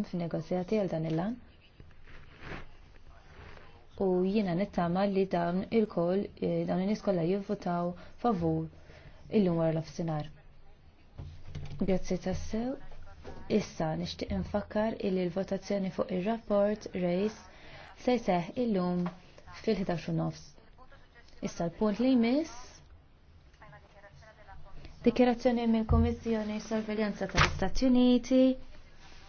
f'negozjati għal dan il-lan. U jiena nittama li dawn il-koll, eh, dawn il nies kollha jivvotaw favur illum għar l-afsinar. Grazzi tassew. Issa nixtieq infakkar li l-votazzjoni fuq ir-rapport Rejs se il illum fil-11 nofs. Issa l-punt li jmiss Dikjerazzjoni mill-Kummissjoni Sorveljanza tal-Istati Uniti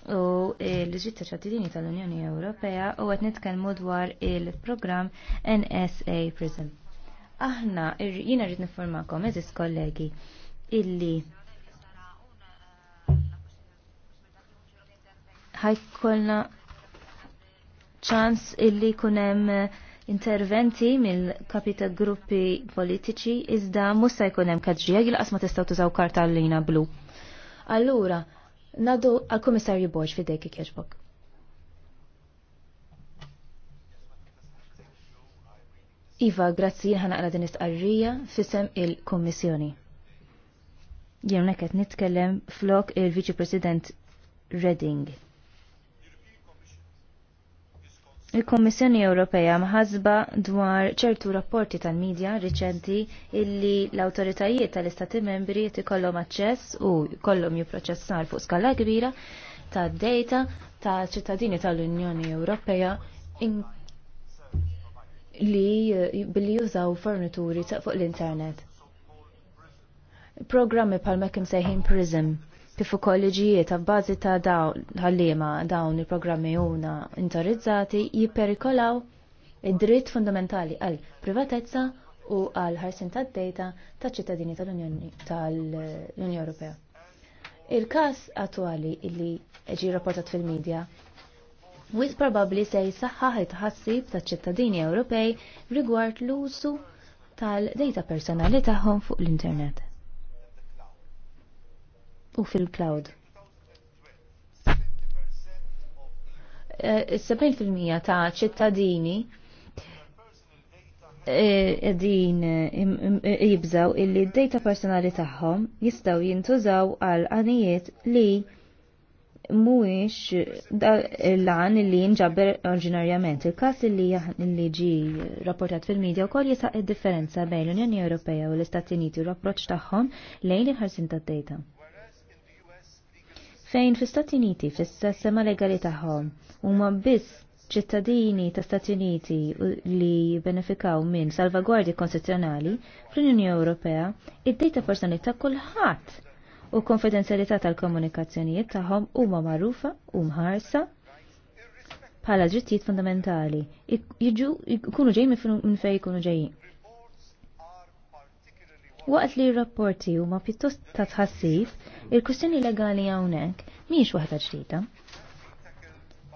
u l ġitta ta' ċattidini tal-Unjoni Ewropea u għet nitkelmu dwar il-program NSA Prism. Aħna, jina rrit nifurmakom, eżis kollegi, illi ħajkolna ċans illi kunem interventi mill-kapita gruppi politiċi iżda musa jkun hemm jil-qasma ma tużaw karta l-lina blu. Allura, Nadu għal-Komissarju Borġ fidejki ikjaġbok. Iva, grazzi ħanaqra din istqarrija fisem il-Kommissjoni. Jemna qed nitkellem flok il-Viċi President Redding. Il-Kommissjoni Ewropea mħazba dwar ċertu rapporti tal-medja riċenti illi l-autoritajiet tal-Istati membri kollom aċċess u kollom juproċessar fuq skala kbira ta' data ta' ċittadini tal-Unjoni Ewropea li billi jużaw fornituri fuq l-internet. Programmi pal-mekim sejħin PRISM kif ukoll liġijiet bbażi ta' dawn ħalliema dawn il-programmi huna interizzati jipperikolaw id-dritt fundamentali għal privatezza u għal ħarsin tad-dejta ta' ċittadini tal-Unjoni tal-Unjoni Ewropea. Il-każ attwali li ġi rapportat fil-medja wis probabbli se jsaħħaħ it-ħassib ta' ċittadini Ewropej rigward l-usu tal data personali tagħhom fuq l-internet u fil-cloud. Eh, fil-mija ta' ċittadini eh, din eh, jibżaw illi d-data personali tagħhom jistaw jintużaw għal għanijiet li mhuwiex l-għan li jinġabber oriġinarjament. Il-każ li ġi rapportat fil-medja wkoll jisaq id-differenza bejn l-Unjoni Ewropea u l-Istati Uniti u l-approċċ tagħhom lejn il-ħarsin tad-data fejn fi Stati Uniti fis-sistema legali tagħhom huma biss ċittadini ta' Stati Uniti li benefikaw minn salvagwardji konstituzzjonali fl-Unjoni Ewropea id-dejta personali ta' kulħadd u konfidenzjalità tal-komunikazzjonijiet tagħhom huma magħrufa u mħarsa bħala drittijiet fundamentali. Jiġu jkunu ġejjin minn fejn jkunu ġejjin. Waqt li r-rapporti huma pjuttost ta' tħassib, il-kustjoni legali hawnhekk mhijiex waħda ġdida.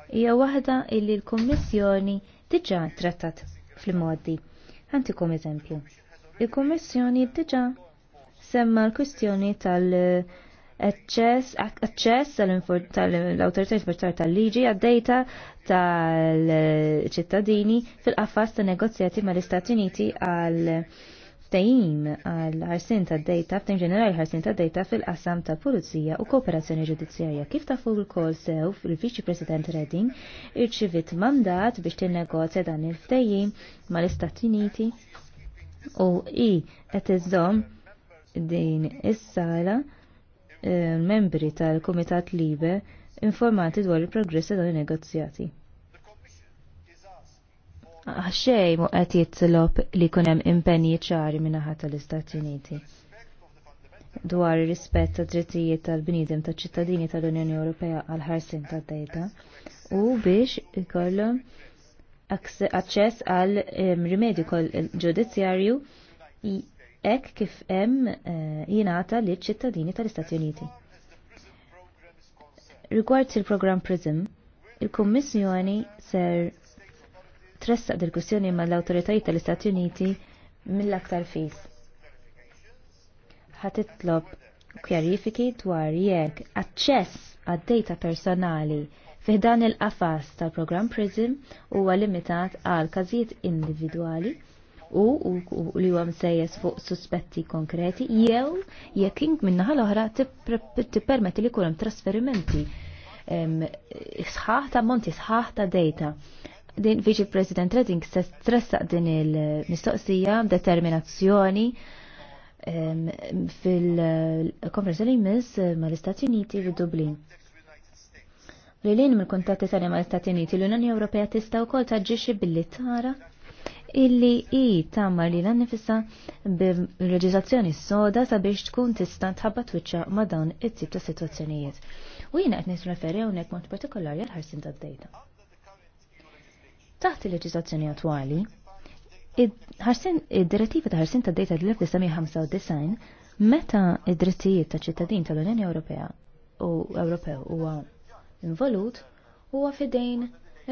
Hija waħda illi l-Kummissjoni diġà trattat fl-modi. Ħantikom eżempju. Il-Kummissjoni diġà semma l-kwistjoni tal- Aċċess tal-autoritajiet portar tal-liġi għad-dejta tal-ċittadini fil-qaffas ta' negozjati mal-Istati Uniti għal ftehim għal ħarsin ta' data, ftehim ġenerali ħarsin ta' data fil-qasam ta' pulizija u kooperazzjoni ġudizzjarja. Kif ta' fuq il-kol sew fil viċi President Redding irċivit mandat biex tinnegozja dan il-ftehim mal-Istati Uniti u i qed iżżomm din is-sala eh, membri tal-Kumitat Libe informati dwar il-progress dan il-negozjati ħxej mu qed jitlob li kunem impenji ċari minnaħa tal-Istati Uniti dwar rispett ta' drittijiet tal-bnidem ta' ċittadini tal-Unjoni Ewropea għal ħarsin ta' data u biex ikollhom aċċess għal rimedju kol ġudizzjarju hekk kif hemm eh, jingħata li ċittadini tal-Istati Uniti. Rigward il-programm PRISM, il-Kummissjoni ser tressaq dil-kussjoni ma l-autoritajiet tal-Istati Uniti mill-aktar fis. Ħatitlob kjarifiki dwar jekk aċċess għad-data personali fiħdan il-qafas tal-programm PRISM huwa limitat għal każijiet individwali u, li huwa msejjes fuq suspetti konkreti jew jekk ink minnaħa l-oħra tippermetti li jkun hemm trasferimenti sħaħ ta' monti sħaħ ta' data din Vice President Redding se stressaq din il-mistoqsija determinazzjoni fil-konferenza li jmiss ma l-Istati Uniti u Dublin. Li l-in mill-kuntatti tagħna ma l-Istati Uniti l-Unjoni Ewropea tista' wkoll taġġixxi billi tara illi i tamma li l-annifissa bil-reġizazzjoni soda sabiex tkun tista' tħabba twiċċa ma' dawn it-tip ta' situazzjonijiet. U jiena qed nisreferi hawnhekk mod partikolari għal ħarsin tad-dejta. Taħt il-leġislazzjoni attwali, id-direttiva ta' ħarsin ta' data l-1995 meta id-drittijiet ta' ċittadin tal-Unjoni Ewropea u Ewropew huwa involut huwa fidejn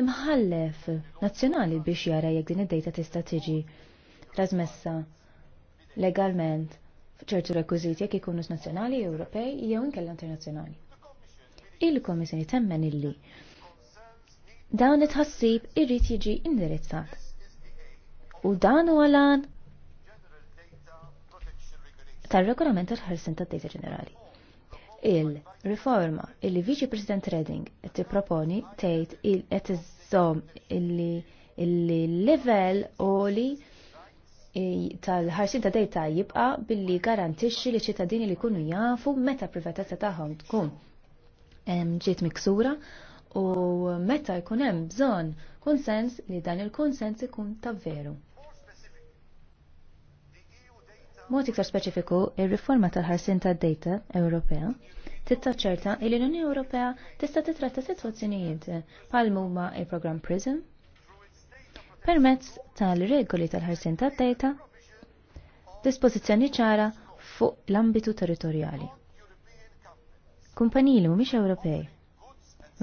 imħallef nazzjonali biex jara jekk din id-data tista' tiġi trasmessa legalment ċertu rekwiżiti jekk ikunu nazzjonali, Ewropej jew inkella internazzjonali. Il-Komissjoni temmen illi dawn it-ħassib irrit jiġi indirizzat. U dan huwa għalan tar-regolament tal-ħarsin tad-data ġenerali. Il-riforma illi Viċi President Redding tipproponi tgħid il qed iżżomm illi il-level oli tal-ħarsin ta' data jibqa billi garantixxi li ċittadini li kunu jafu meta privatezza tagħhom tkun ġiet miksura u meta jkun hemm bżonn konsens li dan il-konsens ikun ta' veru. Mod iktar speċifiku, ir-riforma tal-ħarsin tad-data Ewropea tittaċċerta li l-Unjoni Ewropea tista' titratta sitwazzjonijiet bħal huma il-programm PRISM permezz tal-regoli tal-ħarsin tad-data dispożizzjoni ċara fuq l-ambitu territorjali. Kumpaniji li mhumiex Ewropej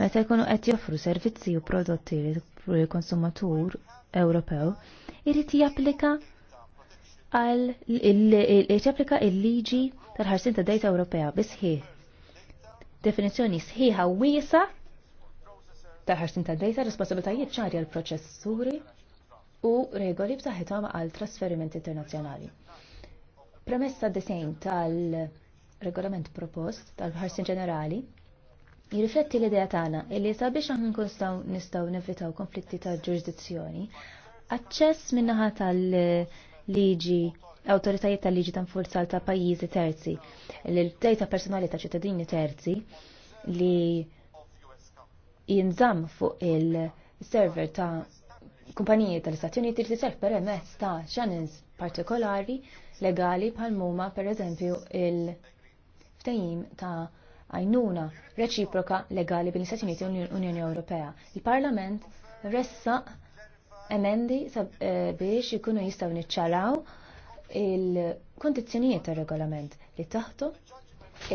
meta jkunu qed joffru servizzi u prodotti lill konsumatur Ewropew, irid japplika għal japplika il-liġi tal-ħarsin ta' dejta Ewropea bisħieħ. Definizzjoni sħiħa wiesa tal-ħarsin ta' dejta responsabilitajiet ċari għal proċessuri u regoli b'saħħithom għal trasferimenti internazzjonali. Premessa d-desejn tal-regolament propost tal-ħarsin ġenerali jirrifletti l-idea tagħna illi sabiex aħna nkunstaw nistgħu nevitaw konflitti ta' ġurisdizzjoni, aċċess min-naħa tal-liġi awtoritajiet tal-liġi ta' nfurzal ta' pajjiżi terzi, l-dejta personali ta' ċittadini terzi li jinżamm fuq il-server ta' kumpaniji tal-Istati Uniti li serf permezz ta' channels partikolari legali bħal muma per eżempju il-ftehim ta' għajnuna reċiproka legali bil istati Uniti u Unjoni Ewropea. Il-Parlament ressa emendi eh, biex ikunu jistaw niċċaraw il kondizjonijiet tar regolament li taħtu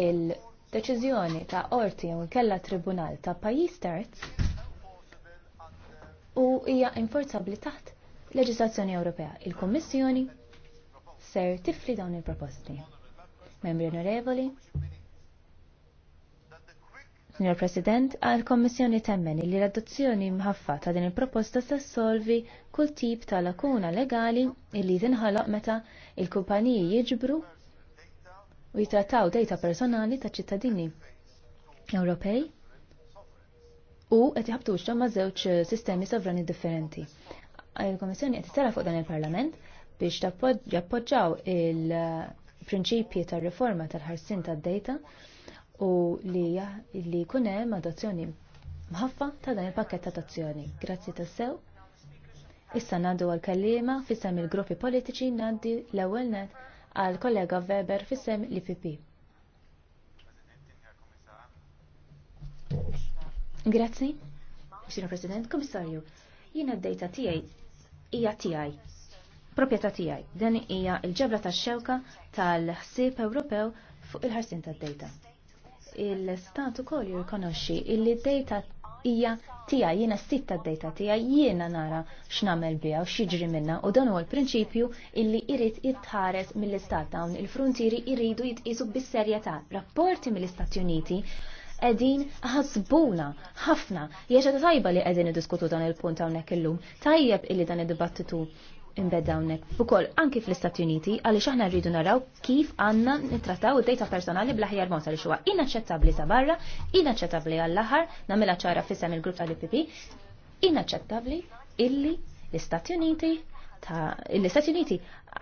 il-deċiżjoni ta' orti u kella tribunal ta' pajjiż terz u hija inforzabbli taħt leġislazzjoni Ewropea. Il-Kommissjoni ser tifli dawn il-proposti. Membri onorevoli, Signor President, għal-Kommissjoni temmen li l-adozzjoni mħaffa ta' din il-proposta se solvi kull tip ta' lakuna legali illi tinħaloq meta il-kumpaniji jiġbru u jitrattaw data personali ta' ċittadini Ewropej u qed jħabtux ma' żewġ sistemi sovrani differenti. Il-Kommissjoni qed tara fuq dan il-Parlament biex jappoġġaw il-prinċipji tar-riforma tal-ħarsin tad-data u li li kunem adozzjoni mħaffa ta' dan il-pakket ta' adozzjoni. Grazzi ta' sew. Issa nandu għal-kallima fissem il-gruppi politiċi nandi l-ewel net għal-kollega Weber fissem l-IPP. Grazzi, Sinu President, Komissarju, jina d-dejta tijaj, ija tijaj, propieta tijaj, dan ija il-ġebla ta' xewka tal-ħsib Ewropew fuq il-ħarsin ta' d-dejta il-stat ukoll jirkonoxxi illi data hija tija, jiena sitta d-dejta tija, jiena nara x'namel biha u x'jiġri minna u dan huwa l-prinċipju illi jrid jitħares mill-istat dawn il-frontieri jridu jitqisu bis-serjetà. Rapporti mill-Istati Uniti qegħdin ħasbuna ħafna. Jeġa' tajba li qegħdin iddiskutu dan il-punt hawnhekk illum. Tajjeb illi dan id-dibattitu imbedda hawnhekk. Ukoll anki fl-Istati Uniti għaliex aħna rridu naraw kif għandna nittrattaw id-dejta personali bl-aħjar mod għaliex huwa inaċċettabbli sa barra, inaċċettabbli għall-aħar, namela ċara fissem il-grupp tal-IPP, inaċċettabbli illi l-Istati Uniti ta' l-Istati Uniti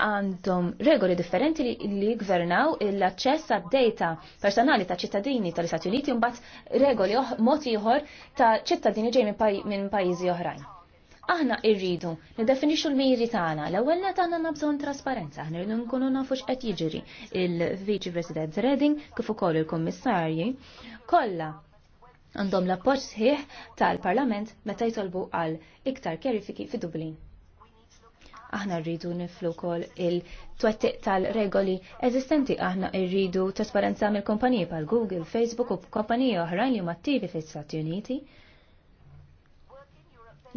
għandhom regoli differenti li, li gvernaw l-aċċess għad data personali ta' ċittadini tal-Istati Uniti un bat regoli moti ieħor ta' ċittadini ġej minn pajjiżi oħrajn. Aħna irridu nidefinixxu l-miri tagħna. L-ewwel net għandna nabżon trasparenza, aħna rridu nkunu nafu x'qed jiġri. Il-Viċi President Reding, kif ukoll il-Kummissarji kollha għandhom l-appoġġ sħiħ tal-Parlament meta jtolbu għal iktar kjerifiki fi Dublin. Aħna rridu niflu kol il-twettiq tal-regoli eżistenti aħna rridu trasparenza mill kompanija pal Google, Facebook u kompanija oħrajn li mattivi fis stati Uniti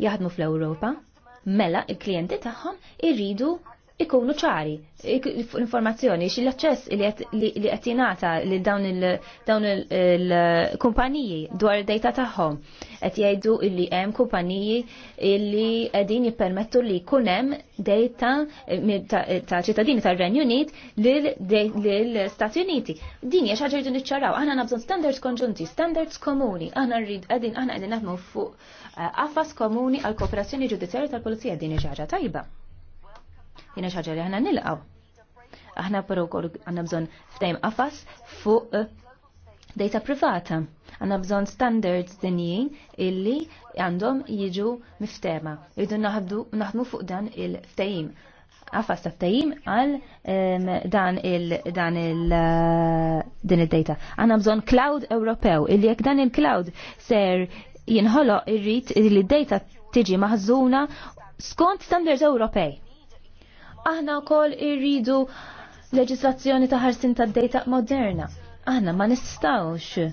jaħdmu fl-Ewropa, mela il-klijenti tagħhom irridu ikunu ċari informazzjoni xi l-aċċess li qed jingħata lil dawn il-kumpaniji dawn il dwar id-dejta tagħhom qed jgħidu li hemm kumpaniji li qegħdin jippermettu li jkun hemm dejta ta' ċittadini tar-Renju Unit lill-Stati Uniti. Din hija xi ħaġa rridu niċċaraw. Aħna nabżon standards konġunti, standards komuni. Aħna rrid qegħdin aħna qegħdin naħdmu fuq eh, qafas komuni għal kooperazzjoni ġudizzjarja tal-Pulizija din hija xi ħaġa tajba jena xaġa li ħana nilqaw. Aħna kol għanna bżon ftajm qafas fuq eh, data privata. Għanna bżon standards dinjin illi għandhom jiġu miftema. Irridu naħdmu fuq dan il-ftajim għafas taftajim għal dan il dan il eh, din id-data. Għanna bżon cloud Ewropew, illi jekk dan il-cloud ser jinħolo irrit li d-data tiġi maħżuna skont standards Ewropej. Aħna wkoll irridu leġislazzjoni ta' ħarsin ta' data moderna. Aħna ma nistawx.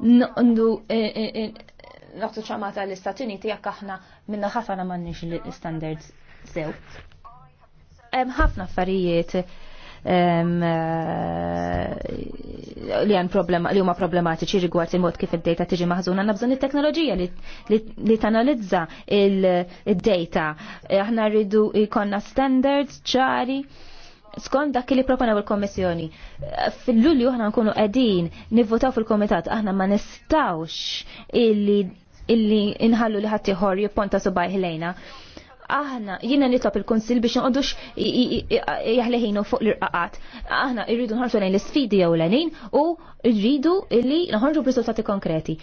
Ndu e, e, e, naqtu ċamata l-Istati Uniti jekk aħna minna ħafna m'għandniex l-standards sew. Hemm ħafna affarijiet Eh, li għan problema li huma problematiċi rigward il-mod kif id-data tiġi maħżuna għandna bżonn it-teknoloġija li tanalizza il-data. Eh, aħna rridu jkollna standards ċari skont dak li proponaw il-Kommissjoni. Eh, Fil-Lulju aħna nkunu qegħdin nivvotaw fil-Komitat aħna ma nistawx illi illi inħallu li ħadd ieħor jipponta subajh lejna aħna jiena nitlob il-Kunsill biex nqogħdux jaħleħinu fuq l-irqaqat. Aħna rridu nħarsu lejn l-isfidi jew l-għanin u rridu illi nħarġu b'riżultati konkreti.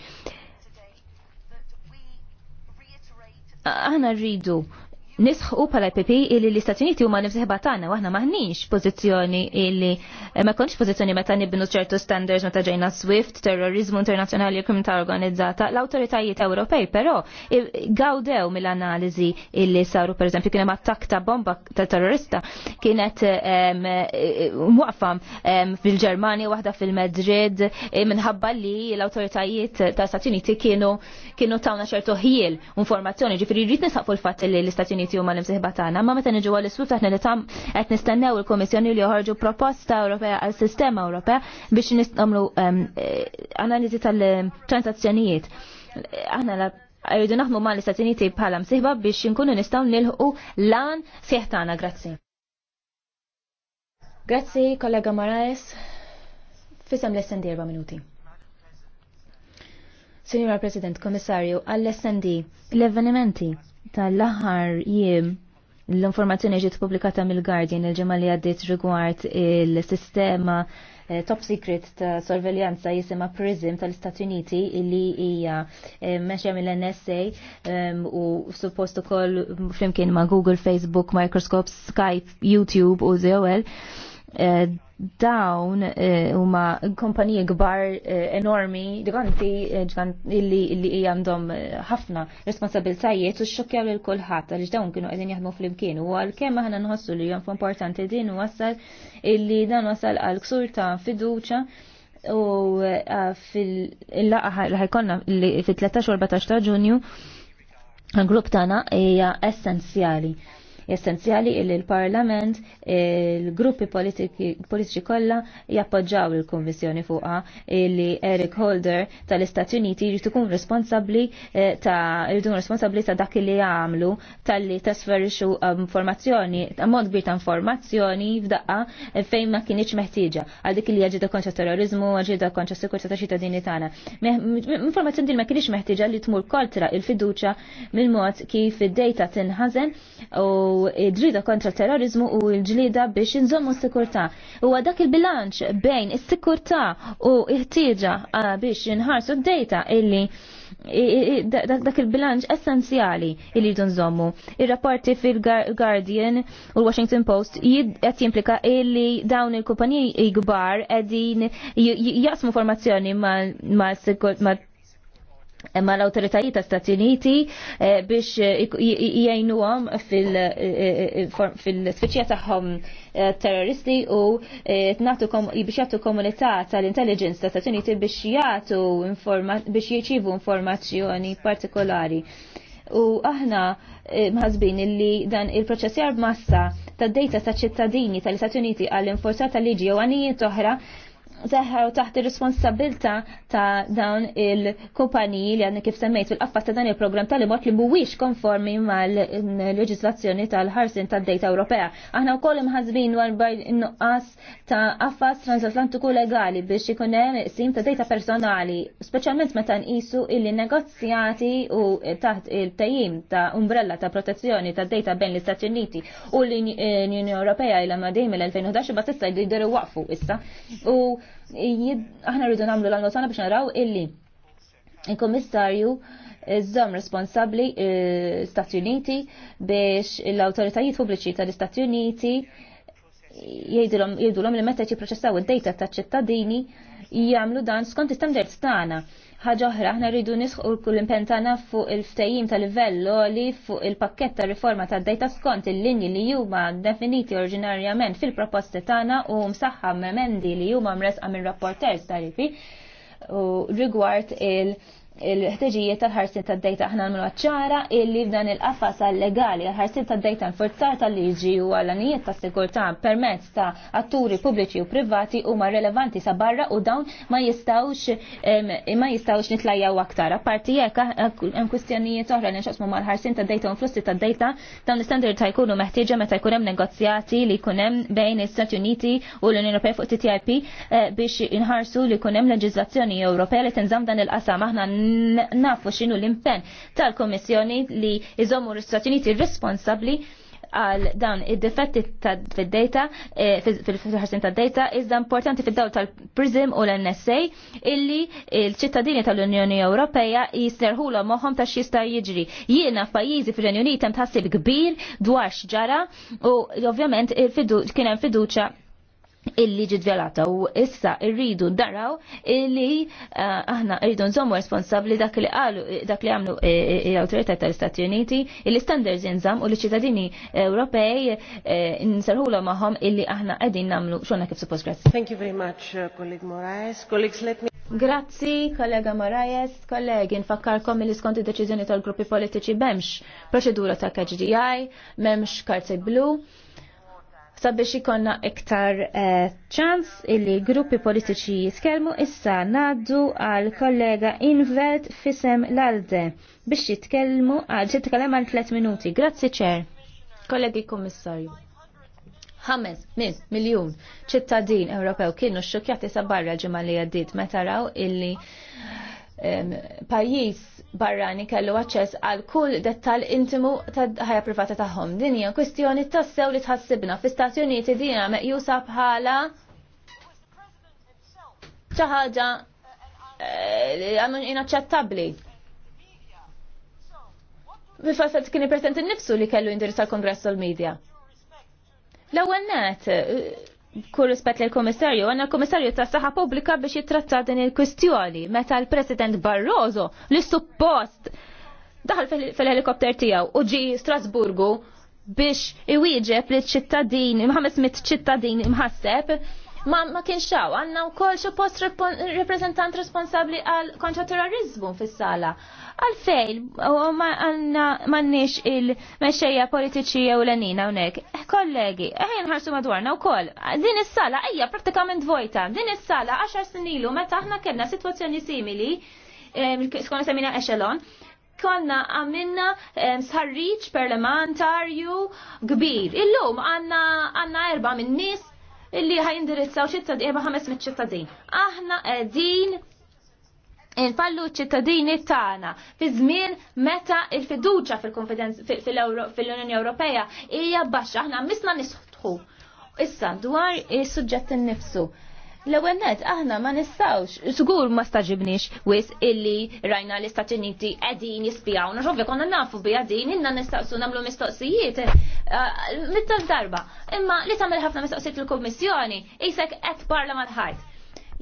Aħna rridu nisħu pala PP e illi l-Istati Uniti huma nifsħiba tagħna waħna maħniex pożizzjoni illi ma konx pożizzjoni meta nibbinu ċertu standards meta ġejna Swift, terrorizmu internazzjonali u kriminalità organizzata, l-awtoritajiet Ewropej però gawdew mill-analiżi illi saru pereżempju kien hemm attak ta' bomba ta' terrorista kienet mwaqfam fil-Ġermanja waħda fil-Madrid e, minħabba li l-awtoritajiet ta' Stati Uniti kienu kienu tawna ċertu ħiel informazzjoni ġifieri jrid nisaq fuq il-fatt li l-Istati Uniti ma l tagħna, ma meta niġu għal iswif taħna li tam qed nistennew il-Kummissjoni li joħorġu proposta Ewropea għal sistema Ewropea biex nistgħu ehm, eh, analiżi tal-transazzjonijiet. Aħna la rridu naħmu ma l-Istati Uniti bħala msiħba biex inkunu nistgħu nilħu lan sieħ tagħna, grazzi. Grazzi, kollega Maraes. Fisem l essendi erba' minuti. Signora President, Commissario, għall-SND, l-avvenimenti tal-aħħar jiem l-informazzjoni ġiet pubblikata mill-Guardian il-ġimgħa li għaddiet rigward il-sistema eh, top secret ta' sorveljanza jisima PRISM tal-Istati Uniti illi hija eh, meċja mill-NSA u suppost ukoll flimkien ma' Google, Facebook, Microscope, Skype, YouTube u ZOL Eh, dawn eh, huma kompaniji kbar eh, enormi, diganti illi illi għandhom ħafna responsabiltajiet u xokja lil kulħadd għaliex dawn kienu qegħdin jaħdmu flimkien u għalkemm aħna nħossu li jom importanti din wasal illi dan wasal għal ksur ta' fiduċa u fil-laqa li ħajkonna fil 13 u 14 ta' Ġunju għal grupp tagħna hija essenzjali essenzjali illi l-Parlament, il-gruppi politiċi kollha jappoġġaw il-Kummissjoni fuqha illi Eric Holder tal-Istati Uniti jrid ikun responsabbli eh, ta' jridu responsabbli ta' dak li jagħmlu tal-li tasferixu eh, informazzjoni, mod kbir ta' informazzjoni f'daqqa fejn ma kienx meħtieġa għal dik li jaġidha kontra terrorizmu, jaġidha kontra sikurtà ta' ċittadini tagħna. Informazzjoni din ma kienx meħtieġa li tmur kontra il-fiduċja mill-mod kif id-dejta tinħażen u id-ġlida kontra terrorizmu u l-ġlida biex inżommu s-sikurta. U dak il-bilanċ bejn is-sikurta u iħtieġa biex inħarsu d-dejta illi dak il-bilanċ essenzjali illi jridu nżommu. Ir-rapporti fil-Guardian u l-Washington Post qed jimplika illi dawn il-kumpaniji kbar qegħdin jasmu formazzjoni ma' imma l-autoritajiet ta' Stati Uniti eh, biex eh, jgħinuhom fil-tfittxija eh, tagħhom terroristi u biex jagħtu komunità tal-intelligence ta' Stati Uniti biex jagħtu biex jieċivu informazzjoni partikolari. U aħna mħazbin illi dan il-proċess jarb massa ta' data ta' ċittadini tal stati Uniti għall-inforzata liġi u għanijiet oħra seħħaw taħt ir-responsabilta ta' dawn il-kumpaniji li għanni kif semmejt fil-qaffas ta' dan il-programm tal-imot li mhuwiex konformi mal-leġislazzjoni tal-ħarsin tad-dejta Ewropea. Aħna wkoll imħazbin dwar in-nuqqas ta' qaffas transatlantiku legali biex ikun hemm sim ta' dejta personali, speċjalment meta nqisu illi negozjati u taħt il-tajim ta' umbrella ta' protezzjoni ta' dejta bejn l-Istati Uniti u l-Unjoni Ewropea il għamadim il 2011 ma tista' jdiru waqfu issa. U aħna rridu nagħmlu l-għamlu tagħna biex naraw illi il-Komissarju żomm responsabbli eh, Stati Uniti biex l-awtoritajiet pubbliċi tal-Istati Uniti jgħidulhom li meta jipproċessaw id-dejta taċ-ċittadini jagħmlu dan skont is-standards tagħna Ħaġa oħra, aħna rridu nisħu l impentana fuq il-ftajim tal livello li fuq il-pakket ta' riforma ta' dejta skont il-linji li huma definiti oriġinarjament fil-proposti tagħna u msaħħa memendi li huma mresqa minn rapporters tarifi u rigward il- il-ħtiġijiet tal-ħarsin tad-dejta aħna nagħmlu ċara illi f'dan il-qafas legali għal-ħarsin tad-dejta nforzar tal-liġi u għal anijiet tas-sigurtà permezz ta' atturi pubbliċi u privati huma relevanti sa barra u dawn ma jistawx ma jistgħux nitlajjaw aktar. Apparti hekk hemm kwistjonijiet oħra li nxaqsmu mal-ħarsin tad-dejta u flussi tad-dejta dawn l-istandard ta' jkunu meħtieġa meta jkun hemm negozjati li jkun hemm bejn il stati Uniti u l-Unjoni Ewropea fuq TTIP eh, biex inħarsu li jkun hemm leġiżlazzjoni Ewropea li tinżamm dan il-qasam aħna nafu xinu l-impen tal-Komissjoni li iżommu l-Istati Uniti responsabli għal dan id-defetti fil-data, eh, fil-ħarsin ta' data, iżda importanti fil-dawl tal-PRISM u l-NSA, illi il-ċittadini tal-Unjoni Ewropeja l moħom ta' xista jiġri. Jiena f'pajjiżi fil-Unjoni Unita tħassib kbir dwar xġara u ovvjament kien hemm fiduċa illi ġid velata u issa irridu daraw illi eh, aħna irridu nżommu responsabli dak li għalu dak li għamlu eh, eh, l-autorità tal-Istati Uniti illi standards jinżam u li ċittadini Ewropej nsarħula maħom illi aħna għedin namlu xonna kif suppost grazzi. Thank you very much, kolleg uh, Moraes. Colleagues, let me... Grazzi, kollega Moraes, kollegi, nfakkarkom li skont id-deċiżjoni tal-gruppi politiċi memx proċedura ta' KGDI, memx karti blu, sabiex ikonna iktar eh, ċans eh, illi gruppi politiċi jiskelmu issa naddu għal kollega Invelt Fisem Lalde biex jitkellmu għal jitkellem għal 3 minuti. Grazzi ċer. Kollegi Kommissarju. min, miljun ċittadin Ewropew kienu xokjati sabarra barra ġimma li għaddit meta raw illi eh, pajjiż barrani kellu aċċess għal kull dettal intimu ta' ħajja privata tagħhom. Din hija kwestjoni tassew li tħassibna fl-Istati Uniti din hija meqjusa bħala xi ħaġa eh, inaċċettabbli. Bil-fatt kien ippreżenti nnifsu li kellu indirizz tal-Kongress tal-Media. L-ewwel net, kur rispett lill komissarju għanna komissarju ta' saħa pubblika biex jitratta din il-kwistjoni meta l-President Barroso li suppost daħal fil-helikopter tiegħu u ġi Strasburgu biex iwieġeb li ċittadin, 500 ċittadin imħasseb ma, ma kienxaw, għanna u kol xo post reprezentant responsabli għal kontra terrorizmu fis-sala. Għalfejl, għanna mannix il-mesċeja politiċi u l-anina unek. Eh, kollegi, ħajn ħarsu madwarna u kol. Din is-sala, ija pratikament vojta. Din is-sala, 10 snilu, meta aħna kena situazzjoni simili, skon semina eċelon, konna għamilna sħarriċ parlamentarju kbir. Illum għanna erba minn nis illi indirizzaw ċittadin, jeba ħames mit ċittadin. Aħna qegħdin infallu ċittadini tagħna fi żmien meta il-fiduċa fil-Unjoni Ewropea hija baxxa aħna misna nisħtħu. Issa dwar is-suġġett innifsu. L-ewwel net aħna ma nistgħux, sigur ma staġibniex wis illi rajna l-Istati Uniti qegħdin jispjawna, xovvi konna nafu bi qegħdin inna nistaqsu nagħmlu mistoqsijiet Eh, mittal darba. Imma li tagħmel ħafna mistoqsijiet il-Kummissjoni isek qed parla mal-ħajt.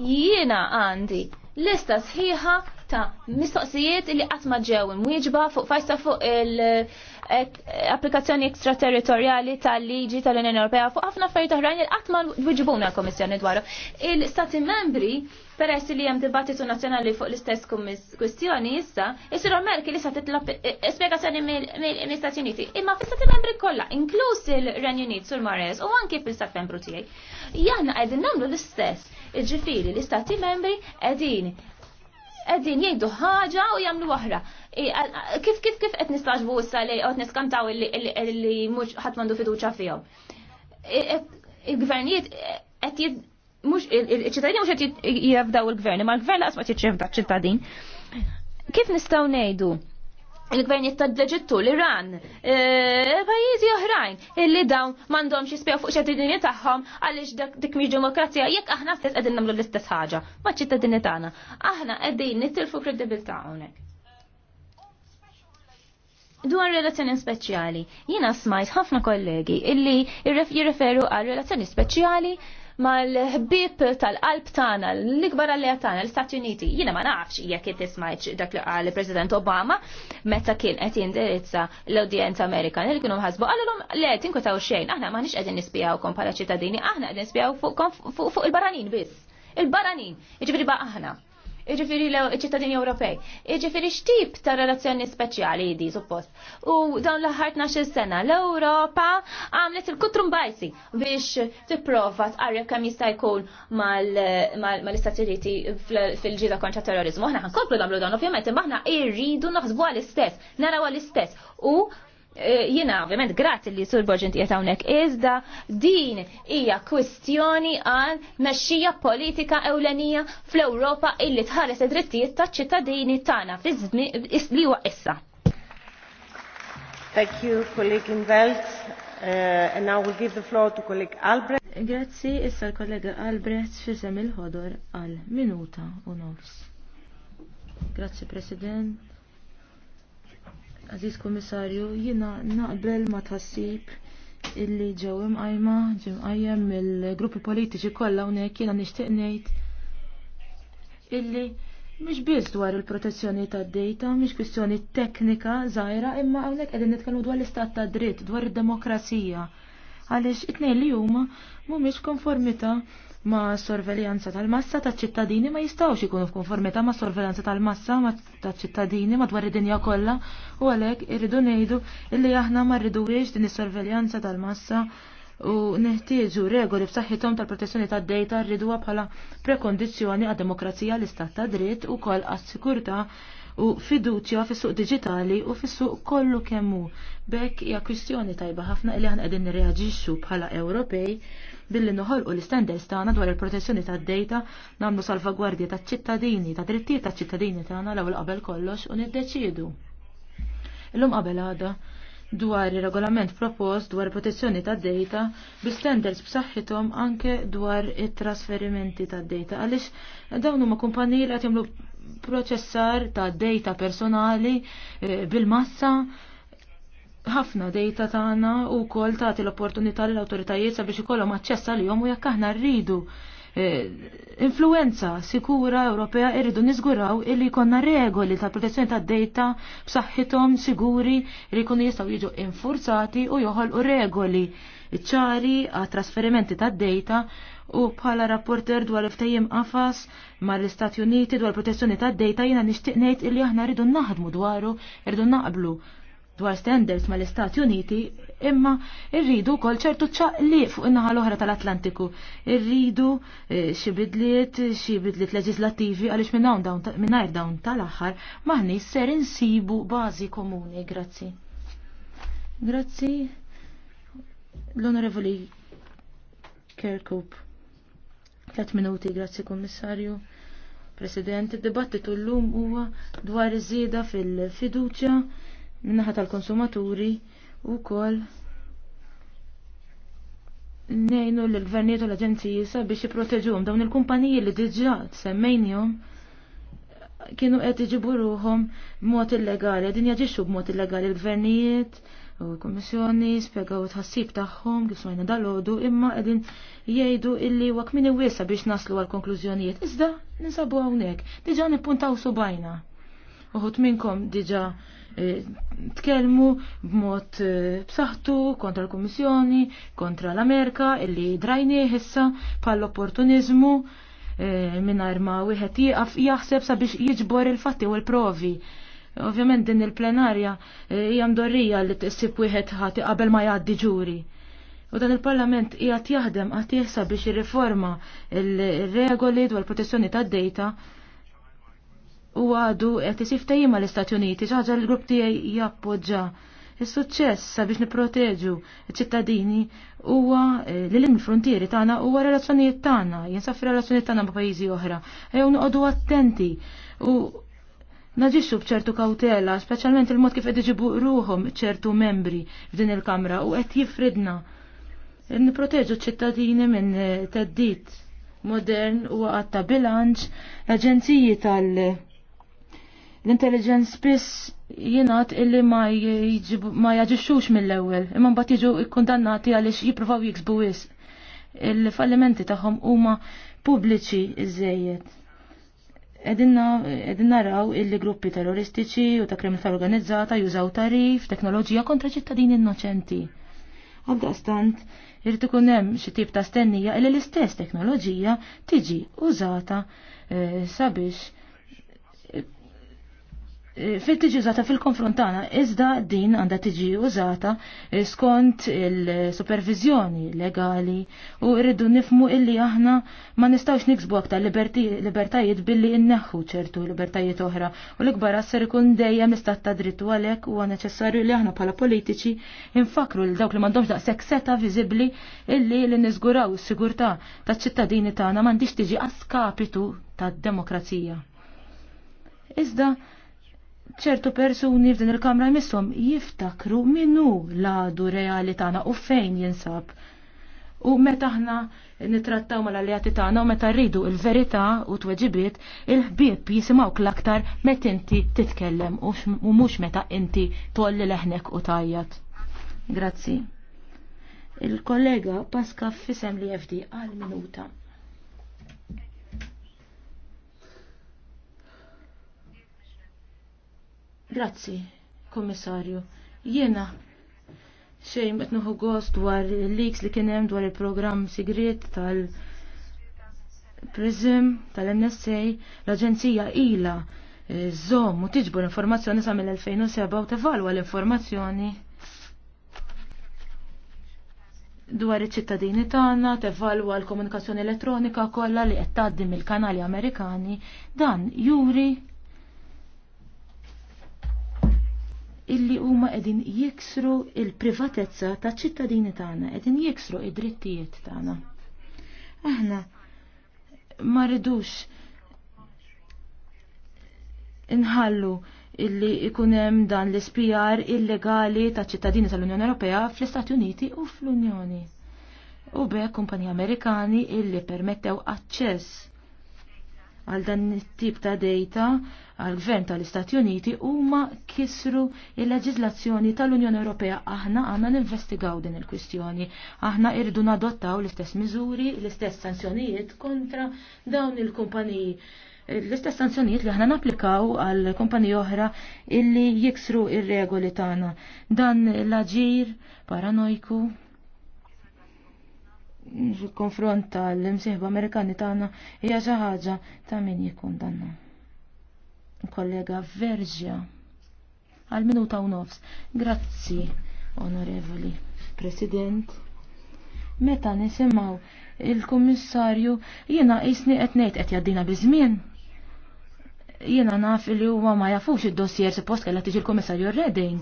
Jiena għandi lista sħiħa ta' mistoqsijiet li qatt ma ġew imwieġba fuq fajsa fuq il-applikazzjoni eh, ekstraterritorjali tal-liġi tal-Unjoni Ewropea fuq ħafna affarijiet oħrajn li qatt ma wieġbuna l-Kommissjoni dwaru. Il-Stati membri Peress li hemm dibattitu nazzjonali fuq l-istess kwistjoni issa, is-Sir Merkel li sa titlob eh, spjegazzjoni mill-Istati Uniti. Imma fl-Istati Membri kollha, inkluż il-Renju Unit sur Mares u anki fil istat Membru tiegħi. Janna qegħdin nagħmlu l-istess. il-ġifiri l-Istati Membri qegħdin għedin jgħidu ħaġa u jamlu oħra. Kif kif kif qed nistaġbu issa li qed niskantaw li mhux ħadd m'għandu fiduċja fihom. Il-gvernijiet e, e, qed mux il-ċittadini mux jafdaw il-gvern, ma l-gvern għas ma jafdaw ċittadin. Kif nistaw nejdu? Il-gvern jittadleġittu l-Iran, e, pajizi oħrajn, illi dawn mandom xispew fuq ċittadini tagħhom għaliex dik mhix demokrazija jekk aħna stess qegħdin nagħmlu l-istess ħaġa ma' ċittadini tagħna. Aħna qegħdin nittilfu kredibilta' hawnhekk. Dwar relazzjoni speċjali, jiena smajt ħafna kollegi illi jirreferu għal relazzjoni speċjali mal-ħbib tal-qalb tagħna l-ikbar għalija tagħna l-Istati Uniti. Jiena ma nafx jekk qed ismajx dak li qal president Obama meta kien qed jindirizza l-Udjenza Amerikana li kienu mħasbu qalilhom le tinkwetaw xejn, aħna maħniex qegħdin nispjawkom bħala ċittadini, aħna qegħdin nispjaw fuq il-baranin biss. Il-baranin, jiġifieri ba' aħna. Iġifiri l-ċittadini Ewropej. Iġifiri xtip ta' relazzjoni speċjali di, suppost. U dawn l-ħar 12 sena l-Ewropa għamlet il-kutrum bajsi biex tipprova tqarreb kemm jista' jkun mal-Istati Uniti fil-ġida kontra terrorizmu. Aħna ħankomplu nagħmlu dawn ovvjament imma aħna irridu naħsbu għall-istess, naraw għal istess u Eh, jina ovvjament grazzi li sur Borġinti qed hawnhekk iżda din hija kwistjoni għal mexxija politika ewlenija fl-Ewropa illi tħares id-drittijiet taċ-ċittadini tagħna fi li issa. Thank you, colleague Invelt. Uh, and now we'll give the floor to colleague Albrecht. Grazzi, issa l-kollega Albrecht fisem il-ħodor għal minuta u nofs. Grazzi, President Aziz Komissarju, jina naqbel ma tassib illi ġew imqajma ġimqajjem mill-gruppi politiċi kollha hawnhekk jiena nixtieq ngħid illi mhix biss dwar il-protezzjoni tad-dejta, mhix kwistjoni teknika żgħira, imma hawnhekk qegħdin nitkellmu dwar l-istat ta' dritt, dwar id-demokrazija għaliex it-tnejn li huma mhumiex konformità ma' sorveljanza tal-massa ta' ċittadini ma' jistawx ikunu f'konformità ma' sorveljanza tal-massa ta' ċittadini madwar id-dinja kollha u għalhekk irridu ngħidu illi aħna ma rridux din is-sorveljanza tal-massa u neħtieġu regoli b'saħħithom tal-protezzjoni tad-dejta rriduha bħala prekondizzjoni għad-demokrazija l-istat ta' dritt u kol għas-sikurtà u fiduċja fis-suq digitali u fis-suq kollu kemm hu. Bekk hija kwistjoni tajba ħafna li aħna qegħdin nirreaġixxu bħala Ewropej billi noħolqu l-istandards tagħna dwar il-protezzjoni tad-dejta nagħmlu salvagwardja taċ-ċittadini, ta' drittijiet taċ-ċittadini tagħna l-ewwel qabel kollox u niddeċiedu. Illum qabel għada dwar ir-regolament propost dwar protezzjoni ta' data bi standards b'saħħithom anke dwar it-trasferimenti ta' data għaliex dawn huma kumpaniji li qed jagħmlu proċessar ta' data personali eh, bil-massa ħafna data tagħna u kol tagħti l-opportunità l-awtoritajiet sabiex ikollhom aċċess għalihom u jekk aħna rridu influenza sikura Ewropea irridu niżguraw illi jkollna regoli ta' protezzjoni ta' data b'saħħithom siguri li jkunu jistgħu jiġu infurzati u joħolqu regoli ċari għat trasferimenti ta' data u bħala rapporter dwar ftejjem qafas mal-Istati Uniti dwar protezzjoni ta' data jiena nixtieq ngħid illi aħna rridu naħdmu dwaru, rridu naqblu dwar standards mal-Istati Uniti imma irridu kol ċertu li fuq in-naħa l-oħra tal-Atlantiku. Irridu eh, xi bidliet, xi bidliet leġislattivi għaliex minn hawn dawn mingħajr dawn tal-aħħar maħni ser insibu bażi komuni. Grazzi. Grazzi l-Onorevoli Kerkup. Tlet minuti, grazzi Kommissarju. President, id-dibattitu l-lum huwa dwar iż-żieda fil-fiduċja minnaħa tal-konsumaturi u kol nejnu l-gvernijiet u l-aġenziji sabiex jiproteġuhom dawn il-kumpaniji li diġà semmejnihom kienu qed iġibu ruhom b'mod illegali, din jaġixxu b'mod illegali l-gvernijiet u l-Kummissjoni spjegaw tħassib tagħhom kif smajna dalodu imma qegħdin jgħidu illi wak min wiesa biex naslu għal konklużjonijiet. Iżda ninsabu hawnhekk, diġà nippuntaw subajna. Uħut minnkom diġà Eh, tkellmu b'mod eh, b'saħħtu kontra l-Kummissjoni, kontra l-Amerika illi drajni ħissa pal-opportunizmu eh, mingħajr ma wieħed jieqaf jaħseb sabiex jiġbor il-fatti u l-provi. Ovvjament din il-plenarja hija mdorrija li tissib wieħed ħati qabel ma jgħaddi ġuri. U dan il-Parlament qiegħed jaħdem għatieħsa biex ir-riforma il-regoli dwar protezzjoni tad-dejta u għadu qed isif tajjim l-Istati Uniti ġaġa l-grupp tiegħi jappoġġa. Is-suċċess sabiex nipproteġu ċ-ċittadini huwa eh, li l frontieri tagħna huwa relazzjonijiet tagħna, jinsaffi relazzjonijiet tagħna ma' pajjiżi oħra. Ew noqogħdu attenti u naġixxu bċertu kawtela, speċjalment il-mod kif qed iġibu ruhom ċertu membri f'din il-Kamra u qed jifridna. Nipproteġu ċ-ċittadini minn eh, teddit modern u għatta bilanċ l-aġenziji tal- L-intelligence spiss jenat illi ma, ma jaġixxux mill-ewwel, imma mbagħad jiġu kkundannati għaliex jippruvaw jiksbu wis. Il-fallimenti tagħhom huma pubbliċi iżejjed. Edin naraw illi gruppi terroristiċi u ta' kriminalità organizzata jużaw tarif, teknoloġija kontra ċittadini innoċenti. Għaldaqstant, irrid ikun hemm xi tip ta' stennija illi l-istess teknoloġija tiġi użata eh, sabiex fil tiġi użata fil-konfrontana, iżda din għanda tiġi użata skont il-supervizjoni legali u rridu nifmu illi aħna ma nistawx niksbu aktar libertajiet billi inneħħu ċertu libertajiet oħra u l-ikbar għasser ikun dejjem l-istat ta' drittu għalek u għana li aħna pala politiċi infakru l-dawk li mandomx da' sekseta viżibli illi li nizguraw s-sigurta ta' ċittadini tagħna mandiċ tiġi għaskapitu ta' demokrazija. Iżda, ċertu persuni f'din il-kamra jmissom jiftakru minnu l-għadu reali tagħna u fejn jinsab. U meta aħna nitrattaw mal-alleati tagħna u meta rridu il-verità u tweġibiet, il-ħbieb jisimgħuk l-aktar meta inti titkellem u mhux meta inti tolli leħnek u tajjat. Grazzi. Il-kollega Pasca fisem li jefdi għal minuta. Grazzi, Kommissarju. Jiena xej qed nuħu gost dwar il-leaks li kien hemm dwar il-programm sigriet tal- Prism tal-NSA l-Aġenzija ila eh, żomm u tiġbu l-informazzjoni sa mill-2007 u tevalwa l-informazzjoni dwar iċ-ċittadini tagħna, tevalwa l-komunikazzjoni elettronika kollha li qed tgħaddi mill-kanali Amerikani, dan juri illi huma qegħdin jiksru il-privatezza ta' ċittadini tagħna, qegħdin jiksru id-drittijiet tagħna. Aħna ma rridux inħallu illi ikun hemm dan l-ispijar illegali ta' ċittadini tal-Unjoni Ewropea fl-Istati Uniti u fl-Unjoni. U bekk kumpanji Amerikani illi permettew aċċess għal dan it-tip ta' data għal gvern tal-Istati Uniti huma kisru il leġizlazzjoni tal-Unjoni Ewropea aħna għandna ninvestigaw din il-kwistjoni. Aħna irdu nadottaw l-istess miżuri, l-istess sanzjonijiet kontra dawn il-kumpaniji. L-istess sanzjonijiet li aħna napplikaw għal kumpaniji oħra illi jiksru ir-regoli tagħna. Dan l-aġir paranoiku konfronta l tal-imsieħba Amerikani tagħna hija xi ħaġa ta' min jikkundanna. Kollega Verġja għal minuta u nofs. Grazzi, onorevoli President. Meta nisimgħu il-Kummissarju jiena qisni qed ngħid qed jgħaddina biżmien. Jiena naf li huwa ma jafux id-dossier suppost kellha tiġi l-Kummissarju Reding.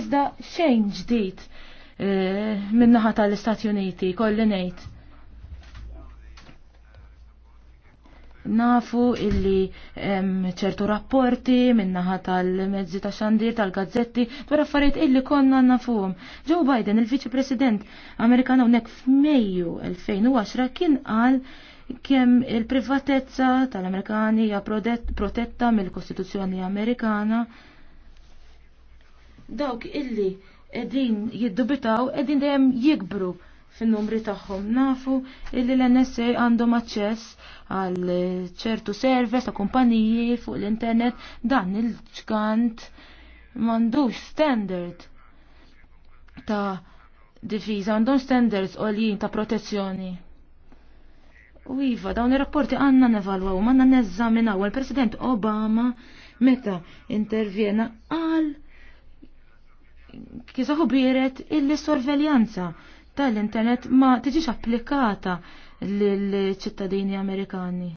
Iżda xejn ġdid Eh, minnaħa tal-Istati Uniti, kolli ngħid. Nafu illi ċertu rapporti minnaħa tal-mezzi ta' xandir, tal-gazzetti, dwar affarijiet illi konna nafuhom. Joe Biden, il-Viċi President Amerikan hawnhekk f'Mejju 2010 kien qal kemm il-privatezza tal-Amerikani hija protetta mill-Kostituzzjoni Amerikana dawk illi edin jiddubitaw, edin dejjem jikbru fin-numri tagħhom. Nafu illi l-NSA għandhom aċċess għal ċertu servers ta' kumpaniji fuq l-internet dan il-ġgant m'għandux standard ta' difiża għandhom standards għoljin ta' protezzjoni. U iva, dawn ir-rapporti għanna nevalwaw, għanna nezzaminaw, għal president Obama meta intervjena għal kisaħu biret illi sorveljanza tal-internet ma tiġix applikata l-ċittadini Amerikani.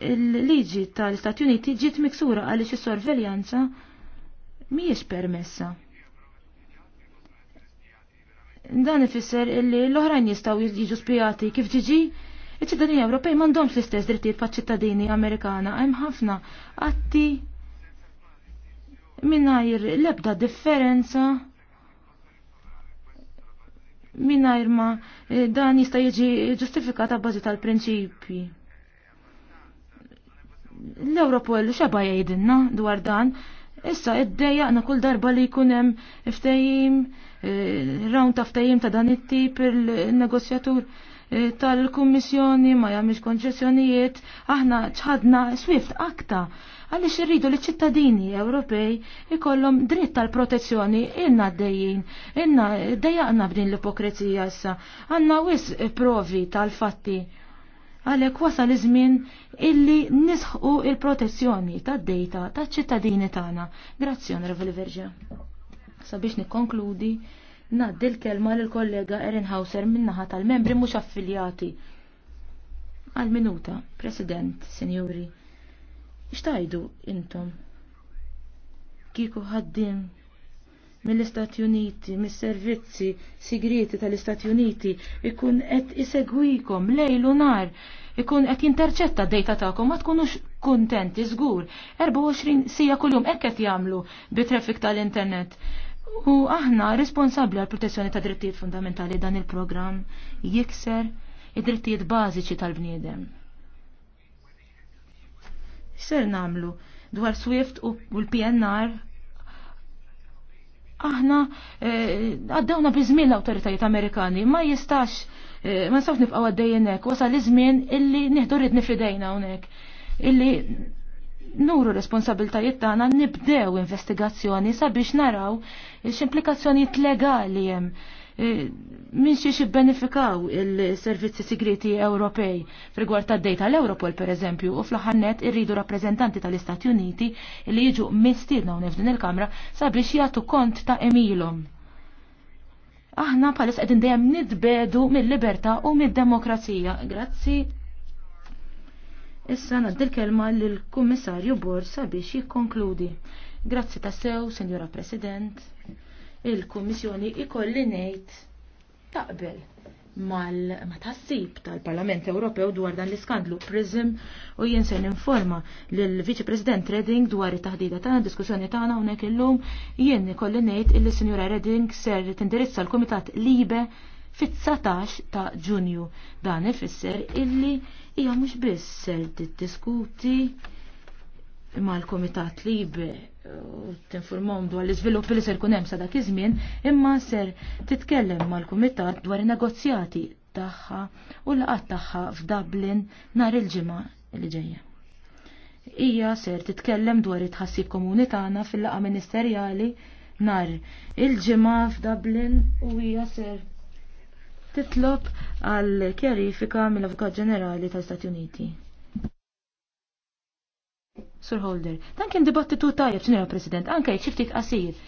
Il-liġi tal-Stati Uniti ġiet miksura għaliex is-sorveljanza mhijiex permessa. Dan ifisser illi l-oħrajn jistgħu jiġu spijati kif ġiġi iċ-ċittadini Ewropej m'għandhomx l-istess drittijiet paċ-ċittadini Amerikana hemm ħafna atti minnajr lebda differenza minnajr ma eh, dan jista' jiġi ġustifikata bazi tal-prinċipji. L-Europol xabba jgħidilna dwar dan, issa id-dejjaqna kull darba li jkun hemm ftehim, eh, round ta' ftehim ta' dan it-tip il-negozjatur eh, tal-Kummissjoni ma jagħmilx konċessjonijiet, aħna ċħadna swift akta għaliex irridu li ċittadini Ewropej ikollhom dritt tal-protezzjoni inna d-dejjin, inna dejjaqna b'din l-ipokrizija issa, għanna wis provi tal-fatti għalek wasal iż-żmien illi nisħu il-protezzjoni tad-dejta taċ-ċittadini tagħna. Grazzjon, Onorevoli Verġa. Sabiex nikkonkludi, ngħaddi l-kelma l kollega Erin Hauser minnaħa tal-membri mhux affiljati. Għal minuta, President, Sinjuri. Ixtajdu intom? Kiku ħaddim mill-Istati Uniti, mis-servizzi sigriti tal-Istati Uniti, ikun qed isegwikom lejlu nar, ikun qed jinterċetta dejta tagħkom ma tkunux kuntenti żgur. 24 sija kuljum hekk qed jagħmlu bit-traffic tal-internet. U aħna responsabbli għal protezzjoni ta' drittijiet fundamentali dan il-programm jikser id-drittijiet bażiċi tal-bniedem ser namlu dwar Swift u l-PNR aħna eh, għaddewna bi żmien l-awtoritajiet Amerikani ma jistax eh, ma nistgħux nibqgħu għaddejjin hekk wasal iż-żmien illi nieħdu ridni f'idejna hawnhekk illi nuru responsabiltajiet tagħna nibdew investigazzjoni sabiex naraw x'implikazzjonijiet legali hemm minn xiex benefikaw il-servizzi segreti Ewropej f'rigward ta' data l-Europol per eżempju u fl-ħannet irridu rappreżentanti tal-Istati Uniti li jiġu mistiedna u nefdin il-Kamra sabiex jagħtu kont ta' emilhom. Aħna palis qegħdin dejjem nidbedu mill-libertà u mid-demokrazija. Grazzi. Issa naddi l-kelma lill-Kummissarju Bor sabiex jikkonkludi. Grazzi tassew, Senjora President il-Kummissjoni ikolli ngħid taqbel mal-tassib tal-Parlament Ewropew dwar dan l-iskandlu PRISM u jien se ninforma lill-Viċi President Redding dwar it-taħdida tagħna diskussjoni tagħna hawnhekk illum jien ikolli ngħid illi Sinjura Redding ser tindirizza l-Kumitat Libe fit-19 ta' Ġunju. Dan ifisser illi hija mhux biss ser tiddiskuti mal-Kumitat Libe tinformom dwar l-iżvilupp li ser kun hemm sa dak iż-żmien, imma ser titkellem mal-kumitat dwar in-negozjati tagħha u laqat tagħha f'Dublin nhar il-ġimgħa li ġejja. Hija ser titkellem dwar it-tħassib komuni tagħna fil-laqgħa ministerjali nhar il-ġimgħa f'Dublin u hija ser titlob għal kjarifika mill-Avukat Ġenerali tal-Stati Uniti. Sur Holder, dan kien dibattitu tajjeb, sinjora President, anke xiftit qasir.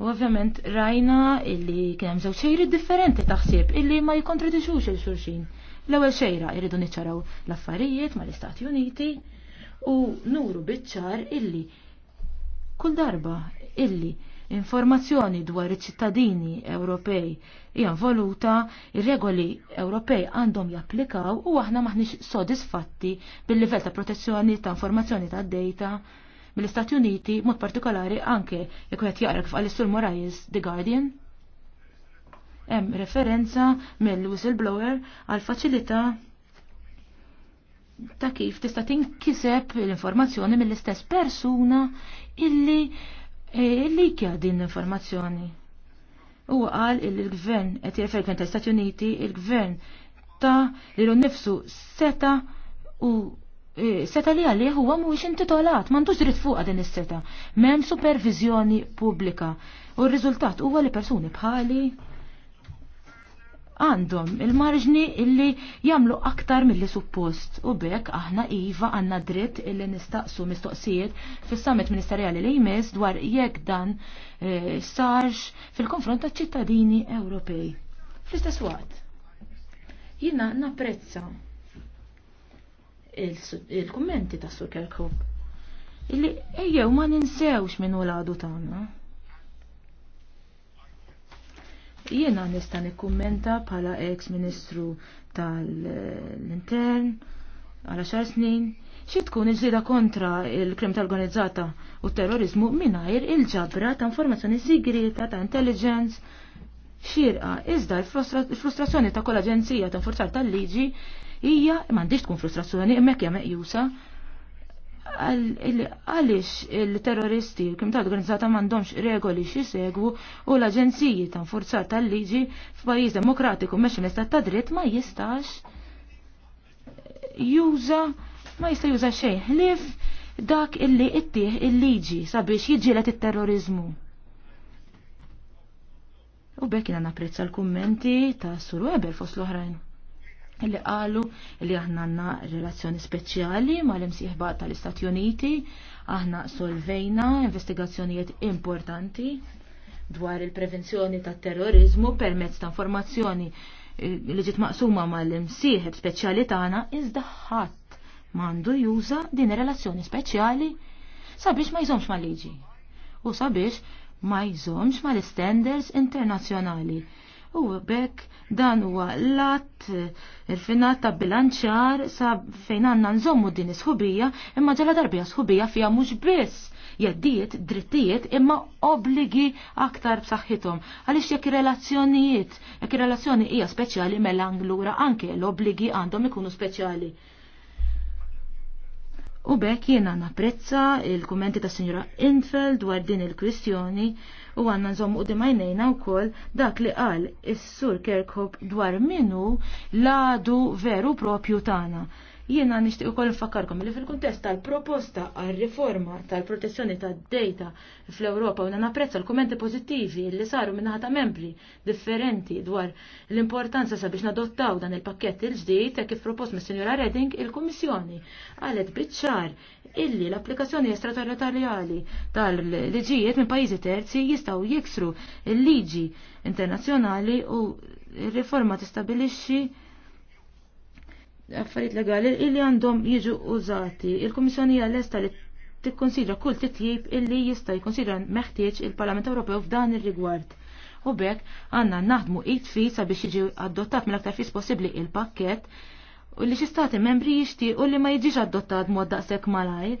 U ovvjament rajna illi kien hemm żewġ xejri differenti taħsib illi ma jikkontradixux il xulxin. L-ewwel xejra jridu niċċaraw l-affarijiet mal-Istati Uniti u nuru biċ-ċar illi kull darba illi Informazzjoni dwar iċ-ċittadini Ewropej hija voluta, ir-regoli Ewropej għandhom japplikaw u aħna maħniex sodisfatti bil-livell ta' protezzjoni ta' informazzjoni ta' data mill-Istati Uniti, mod partikolari anke jekk qed jaqra kif għal-Sur Morajis The Guardian. Hemm referenza mill-whistleblower għal faċilità ta' kif tista' tinkiseb l-informazzjoni mill-istess persuna illi E, li kja din l-informazzjoni? U għal il-gvern, et jirfer kien ta' Stati Uniti, il-gvern ta' li l nifsu seta u e, seta li għalli huwa mhuwiex intitolat, m'għandux dritt fuqha din is-seta, m'hemm supervizjoni pubblika. U r-riżultat huwa li persuni bħali għandhom il-marġni illi jagħmlu aktar mill-li suppost u bekk aħna iva għandna dritt illi nistaqsu mistoqsijiet fis-summit ministerjali li jmiss dwar jekk dan eh, sarx fil-konfront ta' ċittadini Ewropej. Fl-istess waqt, jiena napprezza il-kummenti il ta' Sur Kerkhope illi ejjew ma ninsewx minn u l-għadu tagħna. Jiena nista' nikkummenta bħala ex-Ministru tal-Intern għala xar snin xi tkun iġlida kontra il-krim tal-organizzata u terrorizmu mingħajr il-ġabra ta' informazzjoni sigrita ta' intelligence xirqa iżda l-frustrazzjoni ta' kol aġenzija ta' forzar tal-liġi hija m'għandix tkun frustrazzjoni hemmhekk hija meqjusa għalix il-terroristi kim ta' organizzata mandomx regoli xie segwu u l-aġenziji ta' forzat tal-liġi f'pajjiż demokratiku meċin l-istat ta' dritt ma jistax juża ma jista' juża xejn ħlief dak illi ittih il-liġi sabiex jiġġielet it-terrorizmu. U bekk jiena napprezza l-kummenti ta' Sur Weber fost l-oħrajn li qalu li aħna għanna relazzjoni speċjali mal-imsieħba tal-Istati Uniti, aħna solvejna investigazzjonijiet importanti dwar il-prevenzjoni tat terrorizmu permezz ta' informazzjoni eh, li ġiet maqsuma mal-imsieħeb speċjali tagħna iżda ħadd m'għandu juża din ir-relazzjoni speċjali sabiex ma jżomx mal-liġi u sabiex ma jżomx mal-standards internazzjonali u bekk dan huwa lat il-finat ta' bilanċar sa' fejn għanna nżommu din sħubija imma ġala darbija sħubija fija mhux biss jeddiet drittijiet imma obligi aktar b'saħħithom. Għaliex jekk relazzjonijiet, jekk relazzjoni hija speċjali mela lura anke l-obligi għandhom ikunu speċjali. U bekk jiena napprezza il-kummenti ta' Sinjora Infeld dwar din il-kwistjoni u għanna nżommu u dimajnejna u koll dak li qal is-sur kerkob dwar minu ladu veru propju tana. Jiena nixtieq ukoll nfakkarkom li fil-kuntest tal-proposta għar-riforma tal-protezzjoni tad-data fl-Ewropa u napprezza l-kummenti pożittivi li saru minn ta' membri differenti dwar l-importanza sabiex nadottaw dan il-pakkett il-ġdid e kif propost mis-Sinjora Reding il-Kummissjoni qalet biċ-ċar illi l-applikazzjoni estraterritorjali tal-liġijiet minn pajjiżi terzi jistgħu jiksru l-liġi internazzjonali u r-riforma tistabilixxi affarijiet legali illi għandhom jiġu użati. Il-Kummissjoni għall-esta li tikkonsidra kull titjib illi jista' jkonsidra meħtieġ il-Parlament Ewropew f'dan ir-rigward. U bekk għandna naħdmu id fi sabiex jiġi adottat mill-aktar fis possibbli il-pakket u li xi stati membri jixtiequ li ma jiġix adottat mod daqshekk malajr.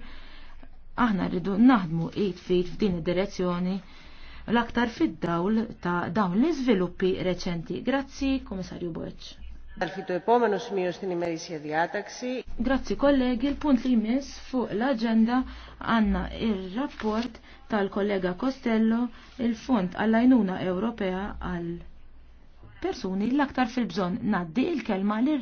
Aħna rridu naħdmu id fit f'din id-direzzjoni l-aktar fid-dawl ta' dawn l-iżviluppi reċenti. Grazzi, Komissarju Boċ. Grazzi kollegi, il-punt li jmiss fuq l-agenda għanna il-rapport tal-kollega Costello il-Fond għall-Ajnuna Ewropea għal persuni l-aktar fil-bżon naddi il-kelma l